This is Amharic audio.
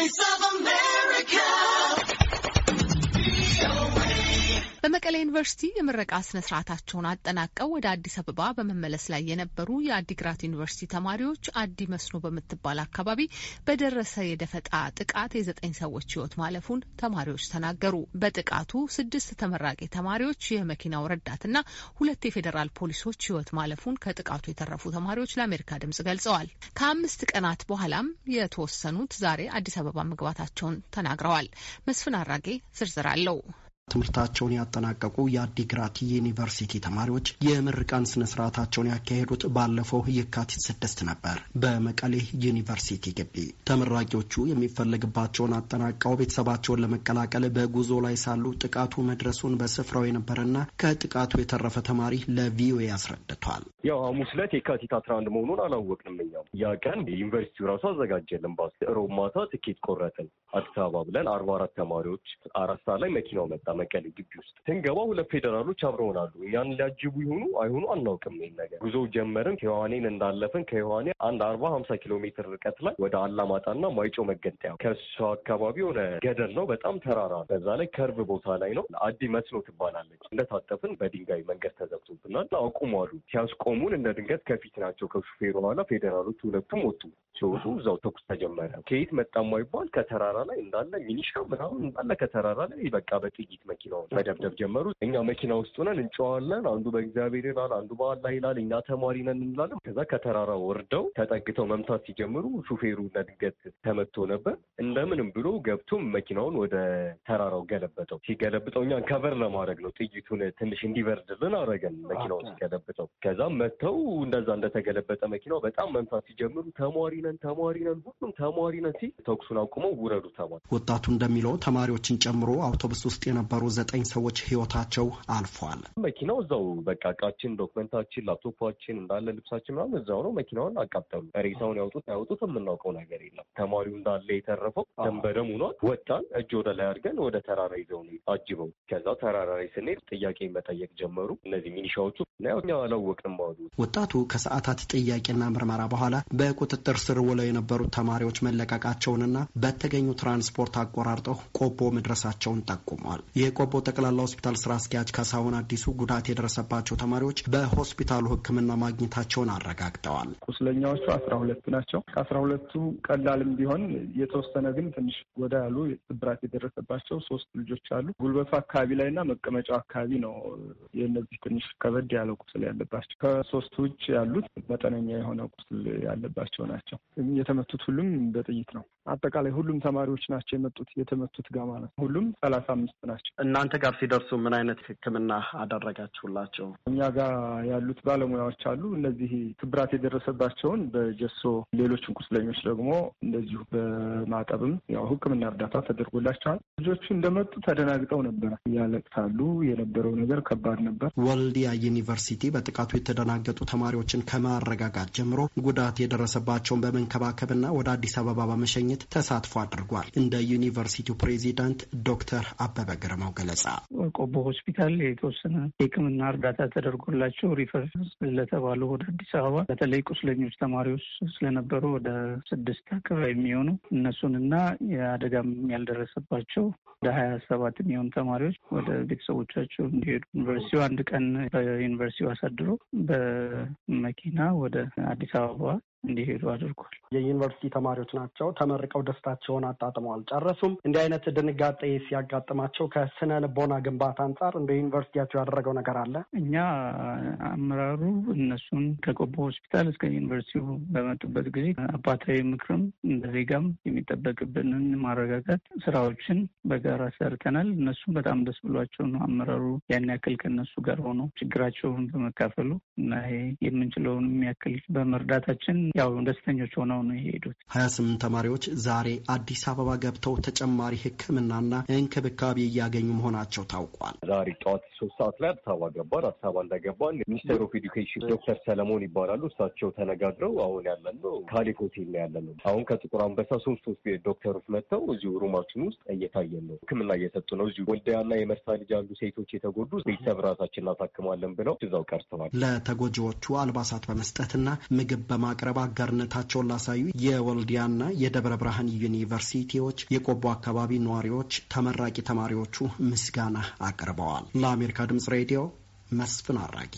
Voice of በመቀሌ ዩኒቨርሲቲ የምረቃ ስነስርዓታቸውን አጠናቀው ወደ አዲስ አበባ በመመለስ ላይ የነበሩ የአዲግራት ዩኒቨርሲቲ ተማሪዎች አዲ መስኖ በምትባል አካባቢ በደረሰ የደፈጣ ጥቃት የዘጠኝ ሰዎች ህይወት ማለፉን ተማሪዎች ተናገሩ። በጥቃቱ ስድስት ተመራቂ ተማሪዎች፣ የመኪናው ረዳትና ሁለት የፌዴራል ፖሊሶች ህይወት ማለፉን ከጥቃቱ የተረፉ ተማሪዎች ለአሜሪካ ድምጽ ገልጸዋል። ከአምስት ቀናት በኋላም የተወሰኑት ዛሬ አዲስ አበባ መግባታቸውን ተናግረዋል። መስፍን አራጌ ዝርዝር አለው። ትምህርታቸውን ያጠናቀቁ የአዲግራት ዩኒቨርሲቲ ተማሪዎች የምርቃን ስነ ስርዓታቸውን ያካሄዱት ባለፈው የካቲት ስድስት ነበር በመቀሌ ዩኒቨርሲቲ ግቢ። ተመራቂዎቹ የሚፈለግባቸውን አጠናቀው ቤተሰባቸውን ለመቀላቀል በጉዞ ላይ ሳሉ ጥቃቱ መድረሱን በስፍራው የነበረና ከጥቃቱ የተረፈ ተማሪ ለቪኦኤ አስረድቷል። ያው ሐሙስ ዕለት የካቲት አስራ አንድ መሆኑን አላወቅንም። እኛም ያ ቀን ዩኒቨርሲቲው ራሱ አዘጋጀልን ባስ ሮብ ማታ ትኬት ቆረጥን አዲስ አበባ ብለን አርባ አራት ተማሪዎች አራት ሰዓት ላይ መኪናው መጣ መቀሌ ግቢ ውስጥ ስንገባ ሁለት ፌዴራሎች አብረውን አሉ። ያን ሊያጅቡ ይሆኑ አይሆኑ አናውቅም። ይህን ነገር ጉዞው ጀመርን። ከዮሐኔን እንዳለፍን ከዮሐኔ አንድ አርባ ሀምሳ ኪሎ ሜትር ርቀት ላይ ወደ አላማጣና ማይጮ መገንጠያ ከሱ አካባቢ የሆነ ገደል ነው። በጣም ተራራ ነው። በዛ ላይ ከርብ ቦታ ላይ ነው። አዲ መስሎ ትባላለች። እንደታጠፍን በድንጋይ መንገድ ተዘግቶብናል። አቁሟሉ። ሲያስቆሙን እንደ ድንገት ከፊት ናቸው። ከሹፌሩ ኋላ ፌዴራሎች ሁለቱም ወጡ። ሲወጡ እዛው ተኩስ ተጀመረ። ከየት መጣ ማይባል ከተራራ ላይ እንዳለ ሚኒሻ ምናምን እንዳለ ከተራራ ላይ በቃ በጥይት መኪናውን መደብደብ ጀመሩ። እኛ መኪና ውስጥ ሆነን እንጨዋለን። አንዱ በእግዚአብሔር ይላል፣ አንዱ በአላህ ይላል፣ እኛ ተማሪ ነን እንላለን። ከዛ ከተራራ ወርደው ተጠግተው መምታት ሲጀምሩ ሹፌሩ ለድንገት ተመቶ ነበር። እንደምንም ብሎ ገብቶም መኪናውን ወደ ተራራው ገለበጠው። ሲገለብጠው እኛን ከበር ለማድረግ ነው ጥይቱን ትንሽ እንዲበርድልን አረገን መኪናውን ሲገለብጠው። ከዛም መጥተው እንደዛ እንደተገለበጠ መኪናው በጣም መምታት ሲጀምሩ ተማሪ ነን ነን ተማሪ ነን ሁሉም ተማሪ ነን ሲል ተኩሱን አቁመው ውረዱ ተባለ። ወጣቱ እንደሚለው ተማሪዎችን ጨምሮ አውቶቡስ ውስጥ የነበሩ ዘጠኝ ሰዎች ህይወታቸው አልፏል። መኪናው እዛው በቃ እቃችን፣ ዶክመንታችን፣ ላፕቶፓችን እንዳለ ልብሳችን ምናምን እዛው ነው። መኪናውን አቃጠሉ። ሬሳውን ያውጡት አያውጡት የምናውቀው ነገር የለም። ተማሪው እንዳለ የተረፈው ደም በደም ሆኗል። ወጣን እጅ ወደ ላይ አድርገን ወደ ተራራ ይዘው ነው አጅበው። ከዛ ተራራ ላይ ስንሄድ ጥያቄ መጠየቅ ጀመሩ እነዚህ ሚኒሻዎቹ። እኛ አላወቅንም አሉ። ወጣቱ ከሰዓታት ጥያቄና ምርመራ በኋላ በቁጥጥር ስር ስር ውለው የነበሩት ተማሪዎች መለቀቃቸውንና በተገኙ ትራንስፖርት አቆራርጠው ቆቦ መድረሳቸውን ጠቁሟል። የቆቦ ጠቅላላ ሆስፒታል ስራ አስኪያጅ ከሳሁን አዲሱ ጉዳት የደረሰባቸው ተማሪዎች በሆስፒታሉ ሕክምና ማግኘታቸውን አረጋግጠዋል። ቁስለኛዎቹ አስራ ሁለቱ ናቸው። ከአስራ ሁለቱ ቀላልም ቢሆን የተወሰነ ግን ትንሽ ጎዳ ያሉ ስብራት የደረሰባቸው ሶስት ልጆች አሉ። ጉልበቱ አካባቢ ላይ እና መቀመጫው አካባቢ ነው የእነዚህ ትንሽ ከበድ ያለው ቁስል ያለባቸው። ከሶስቱ ውጭ ያሉት መጠነኛ የሆነ ቁስል ያለባቸው ናቸው። የተመቱት ሁሉም በጥይት ነው። አጠቃላይ ሁሉም ተማሪዎች ናቸው የመጡት የተመቱት ጋር ማለት ነው። ሁሉም ሰላሳ አምስት ናቸው። እናንተ ጋር ሲደርሱ ምን አይነት ሕክምና አደረጋችሁላቸው? እኛ ጋር ያሉት ባለሙያዎች አሉ። እነዚህ ክብራት የደረሰባቸውን በጀሶ ሌሎችን ቁስለኞች ደግሞ እንደዚሁ በማጠብም ያው ሕክምና እርዳታ ተደርጎላቸዋል። ልጆቹ እንደመጡ ተደናግጠው ነበር ያለቅሳሉ። የነበረው ነገር ከባድ ነበር። ወልዲያ ዩኒቨርሲቲ በጥቃቱ የተደናገጡ ተማሪዎችን ከማረጋጋት ጀምሮ ጉዳት የደረሰባቸውን በመንከባከብና ወደ አዲስ አበባ በመሸኘት ተሳትፎ አድርጓል። እንደ ዩኒቨርሲቲው ፕሬዚዳንት ዶክተር አበበ ግርማው ገለጻ ቆቦ ሆስፒታል የተወሰነ የሕክምና እርዳታ ተደርጎላቸው ሪፈር ለተባሉ ወደ አዲስ አበባ በተለይ ቁስለኞች ተማሪዎች ስለነበሩ ወደ ስድስት አካባቢ የሚሆኑ እነሱንና የአደጋም ያልደረሰባቸው ወደ ሀያ ሰባት የሚሆኑ ተማሪዎች ወደ ቤተሰቦቻቸው እንዲሄዱ ዩኒቨርሲቲው አንድ ቀን በዩኒቨርሲቲው አሳድሮ በመኪና ወደ አዲስ አበባ እንዲሄዱ አድርጓል። የዩኒቨርሲቲ ተማሪዎች ናቸው። ተመርቀው ደስታቸውን አጣጥመው አልጨረሱም። እንዲህ አይነት ድንጋጤ ሲያጋጥማቸው ከስነ ልቦና ግንባታ አንጻር እንደ ዩኒቨርሲቲያቸው ያደረገው ነገር አለ። እኛ አመራሩ እነሱን ከቆቦ ሆስፒታል እስከ ዩኒቨርሲቲው በመጡበት ጊዜ አባታዊ ምክርም እንደ ዜጋም የሚጠበቅብንን ማረጋጋት ስራዎችን በጋ ጋር ሰርተናል። እነሱም በጣም ደስ ብሏቸው ነው አመራሩ ያን ያክል ከነሱ ጋር ሆኖ ችግራቸውን በመካፈሉ እና የምንችለውን የሚያክል በመርዳታችን ያው ደስተኞች ሆነው ነው የሄዱት። ሀያ ስምንት ተማሪዎች ዛሬ አዲስ አበባ ገብተው ተጨማሪ ሕክምናና እንክብካቤ እያገኙ መሆናቸው ታውቋል። ዛሬ ጠዋት ሶስት ሰዓት ላይ አዲስ አበባ ገባን። አዲስ አበባ እንደገባን ሚኒስቴር ኦፍ ኤዱኬሽን ዶክተር ሰለሞን ይባላሉ። እሳቸው ተነጋግረው አሁን ያለነው ካሌክ ሆቴል ነው ያለነው። አሁን ከጥቁር አንበሳ ሶስት ዶክተሮች መጥተው እዚሁ ሩማችን ውስጥ እየታየን ነው። ሕክምና እየሰጡ ነው። እዚሁ ወልዲያና የመርሳ ልጅ ያሉ ሴቶች የተጎዱ ቤተሰብ ራሳችን እናሳክማለን ብለው እዛው ቀርተዋል። ለተጎጂዎቹ አልባሳት በመስጠትና ምግብ በማቅረብ አጋርነታቸውን ላሳዩ የወልዲያና የደብረ ብርሃን ዩኒቨርሲቲዎች የቆቦ አካባቢ ነዋሪዎች ተመራቂ ተማሪዎቹ ምስጋና አቅርበዋል። ለአሜሪካ ድምጽ ሬዲዮ መስፍን አራጌ